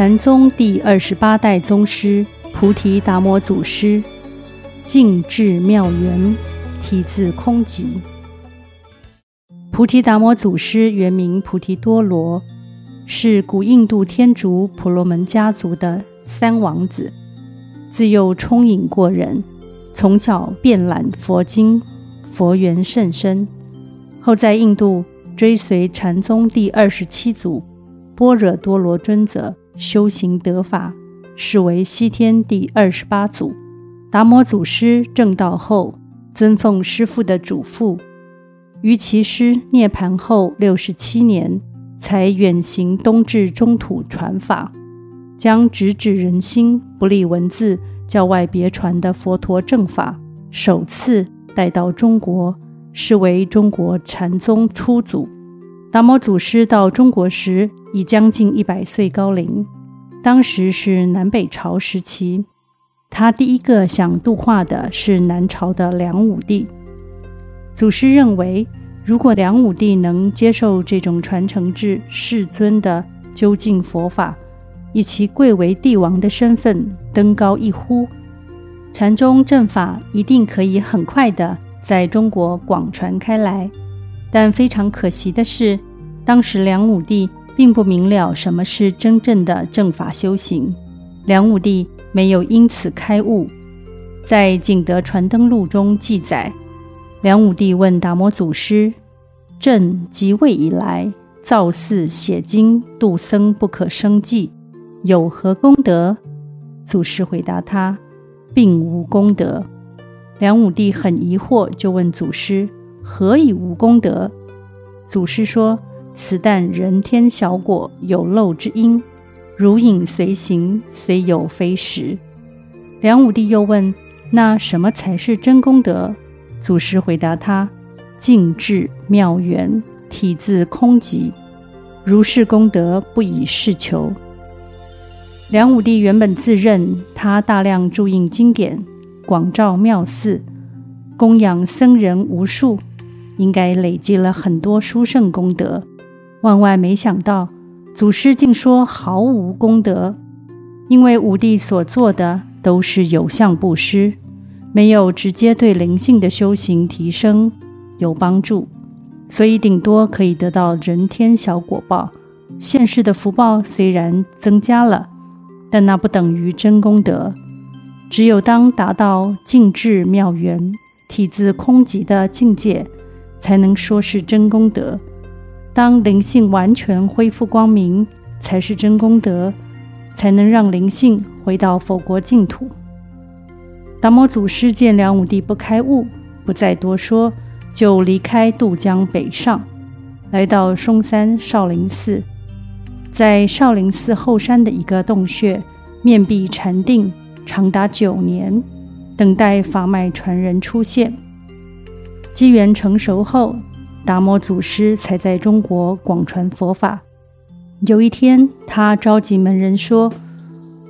禪宗第二十八代宗師菩提達摩祖師，淨智妙圓，體自空寂。菩提達摩祖師原名菩提多羅，是古印度天竺婆羅門家族的三王子，自幼聰穎過人，從小遍覽佛經，佛緣甚深。後在印度追隨禪宗第二十七祖般若多羅尊者。修行得法，是為西天第二十八祖。達摩祖師證道後，遵奉師父的囑咐，於其師涅槃後六十七年，才遠行東至中土傳法，將直指人心、不立文字、教外別傳的佛陀正法首次帶到中國，是為中國禪宗初祖。達摩祖師到中國時，已將近一百歲高齡，當時是南北朝時期。他第一個想度化的是南朝的梁武帝。祖師認為，如果梁武帝能接受這種傳承自世尊的究竟佛法，以其貴為帝王的身份登高一呼，禪宗正法一定可以很快地在中國廣傳開來。但非常可惜的是，當時梁武帝。並不明了什麼是真正的正法修行。梁武帝沒有因此開悟。在《景德傳燈錄》中記載，梁武帝問達摩祖師：“朕即位以來，造寺寫經，度僧不可勝記，有何功德？”祖師回答他：“並無功德。”梁武帝很疑惑，就問祖師：“何以無功德？”祖師說。此但人天小果，有漏之因，如影隨形，雖有非實。梁武帝又問：“那什麼才是真功德？”祖師回答他：“淨智妙圓，體自空寂。如是功德，不以世求。”梁武帝原本自認他大量助印經典，廣造廟寺，供養僧人無數，應該累積了很多殊勝功德。萬萬沒想到，祖師竟說毫無功德，因為武帝所做的都是有相布施，沒有直接對靈性的修行提升有幫助，所以頂多可以得到人天小果報。現世的福報雖然增加了，但那不等於真功德。只有當達到淨智妙圓、體自空寂的境界，才能說是真功德。當靈性完全恢復光明，才是真功德，才能讓靈性回到佛國淨土。達摩祖師見梁武帝不開悟，不再多說，就離開渡江北上，來到嵩山少林寺，在少林寺後山的一個洞穴面壁禪定，長達九年，等待法脈傳人出現。機緣成熟後，達摩祖師才在中國廣傳佛法。有一天，他召集門人說：“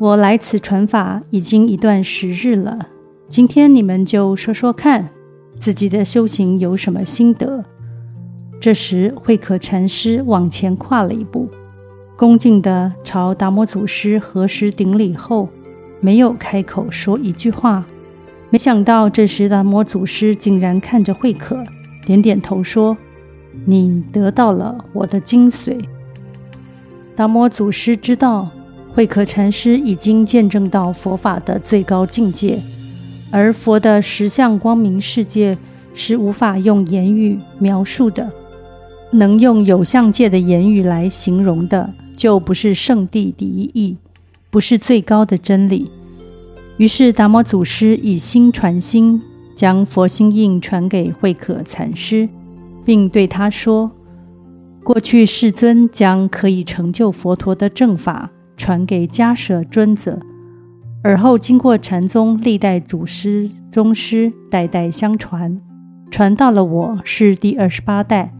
我來此傳法已經一段時日了，今天你們就說說看，自己的修行有什麼心得。”這時，慧可禪師往前跨了一步，恭敬地朝達摩祖師合十頂禮後，沒有開口說一句話。沒想到，這時達摩祖師竟然看着慧可。點點頭說：“你得到了我的精髓。”達摩祖師知道慧可禪師已經見證到佛法的最高境界，而佛的實相光明世界是無法用言語描述的。能用有相界的言語來形容的，就不是聖諦第一義，不是最高的真理。於是達摩祖師以心傳心。將佛心印傳給慧可禪師，並對他說：“過去世尊將可以成就佛陀的正法傳給迦葉尊者，而後經過禪宗歷代祖師、宗師代代相傳，傳到了我是第二十八代。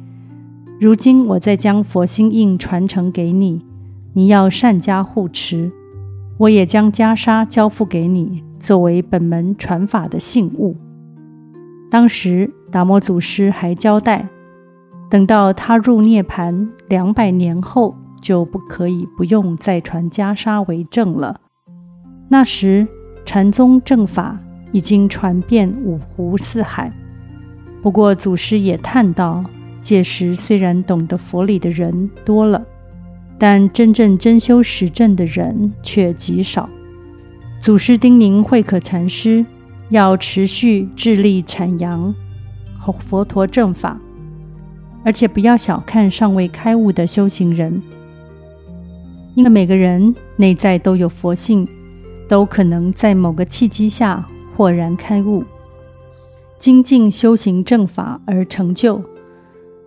如今我再將佛心印傳承給你，你要善加護持。我也將袈裟交付給你，作為本門傳法的信物。”當時達摩祖師還交代，等到他入涅槃兩百年後，就不可以不用再傳袈裟為證了。那時禪宗正法已經傳遍五湖四海。不過祖師也嘆道，屆時雖然懂得佛理的人多了，但真正真修實證的人卻極少。祖師叮嚀慧可禪師，要持續致力闡揚佛陀正法，而且不要小看尚未開悟的修行人，因為每個人內在都有佛性，都可能在某個契機下豁然開悟，精進修行正法而成就。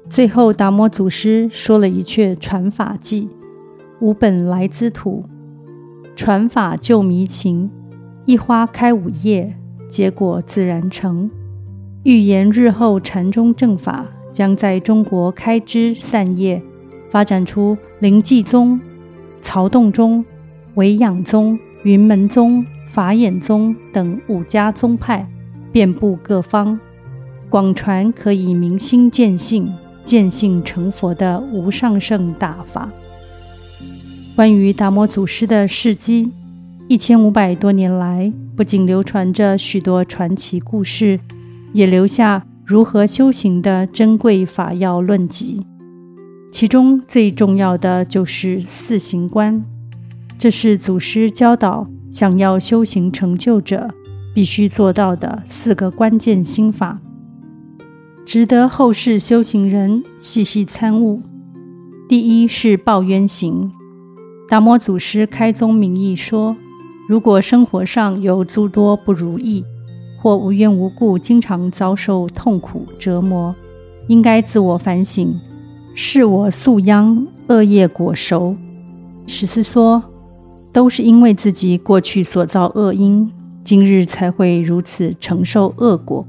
最後，達摩祖師說了一闋傳法偈：“吾本來茲土，傳法救迷情，一花開五葉。”結果自然成。預言日後禪宗正法將在中國開枝散葉，發展出臨濟宗、曹洞宗、沩仰宗、雲門宗、法眼宗等五家宗派，遍布各方，廣傳可以明心見性、見性成佛的無上聖大法。關於達摩祖師的事蹟，一千五百多年來。不僅流傳着許多傳奇故事，也留下如何修行的珍貴法要論集。其中最重要的就是四行觀，這是祖師教導想要修行成就者必須做到的四個關鍵心法，值得後世修行人細細參悟。第一是報冤行，達摩祖師開宗明義說。如果生活上有諸多不如意，或無緣無故經常遭受痛苦折磨，應該自我反省，是我宿殃惡業果熟。十四說，都是因為自己過去所造惡因，今日才會如此承受惡果。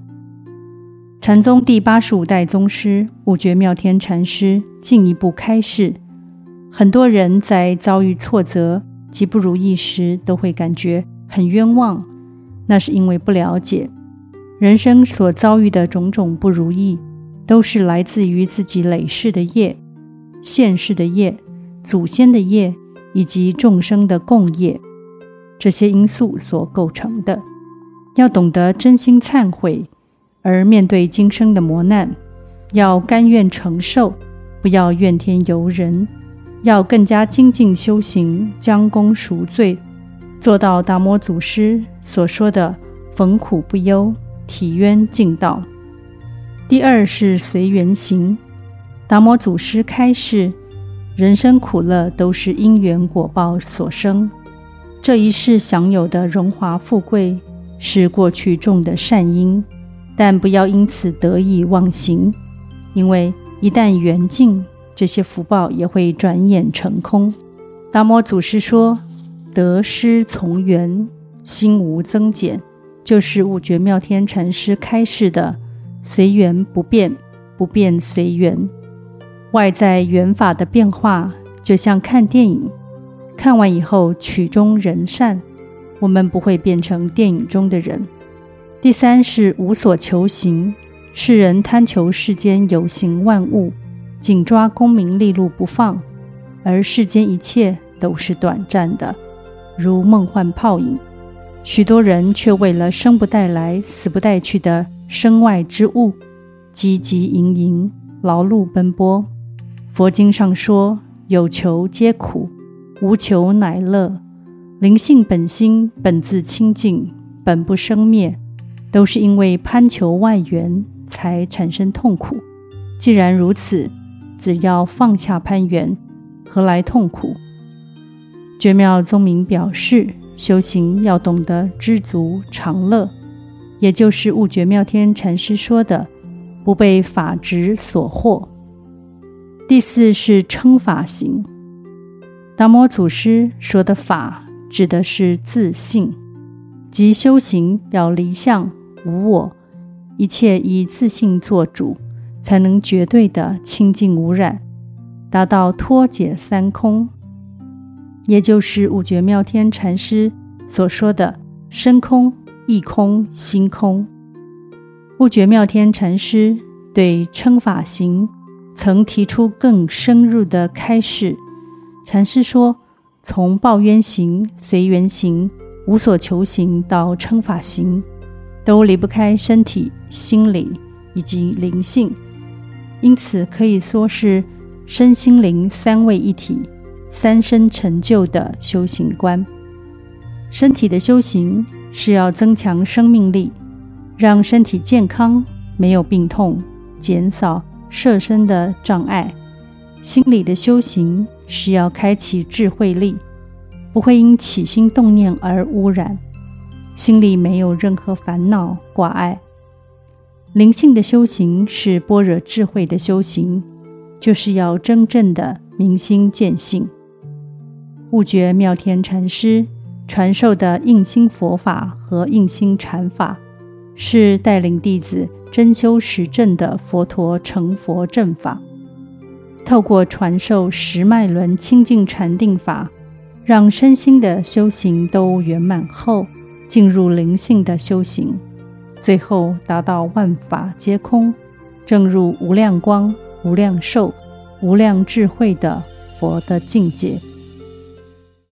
禪宗第八十五代宗師悟覺妙天禪師進一步開示，很多人在遭遇挫折，極不如意時，都會感覺很冤枉，那是因為不了解，人生所遭遇的種種不如意，都是來自於自己累世的業、現世的業、祖先的業以及眾生的共業這些因素所構成的。要懂得真心懺悔，而面對今生的磨難，要甘願承受，不要怨天尤人。要更加精進修行，將功贖罪，做到達摩祖師所說的“逢苦不憂，體冤盡道”。第二是隨緣行。達摩祖師開示：人生苦樂都是因緣果報所生，這一世享有的榮華富貴是過去種的善因，但不要因此得意忘形，因為一旦緣盡，這些福報也會轉眼成空。達摩祖師說：“得失從緣，心無增減。”就是悟覺妙天禪師開示的：“隨緣不變，不變隨緣。”外在緣法的變化，就像看電影，看完以後曲終人散，我們不會變成電影中的人。第三是無所求行，世人貪求世間有形萬物。緊抓功名利祿不放，而世間一切都是短暫的，如夢幻泡影。許多人卻為了生不帶來、死不帶去的身外之物，汲汲營營，勞碌奔波。佛經上說：“有求皆苦，無求乃樂。”靈性本心本自清淨，本不生滅，都是因為攀求外緣才產生痛苦。既然如此，只要放下攀緣，何來痛苦？覺妙宗明表示，修行要懂得知足常樂，也就是悟覺妙天禪師說的“不被法執所惑”。第四是稱法行，達摩祖師說的法指的是自性，即修行要離相無我，一切以自性做主。才能絕對的清淨無染，達到脫解三空，也就是五覺妙天禪師所說的身空、意空、心空。五覺妙天禪師對稱法行曾提出更深入的開示。禪師說，從報冤行、隨緣行、無所求行到稱法行，都離不開身體、心理以及靈性。因此可以說是身心靈三位一體、三身成就的修行觀。身體的修行是要增強生命力，讓身體健康，沒有病痛，減少色身的障礙；心理的修行是要開啟智慧力，不會因起心動念而污染，心裡沒有任何煩惱掛礙。靈性的修行是般若智慧的修行，就是要真正的明心見性。悟覺妙天禪師傳授的印心佛法和印心禪法，是帶領弟子真修實證的佛陀成佛正法。透過傳授十脈輪清淨禪定法，讓身心的修行都圓滿後，進入靈性的修行。最後達到萬法皆空，證入無量光、無量壽、無量智慧的佛的境界。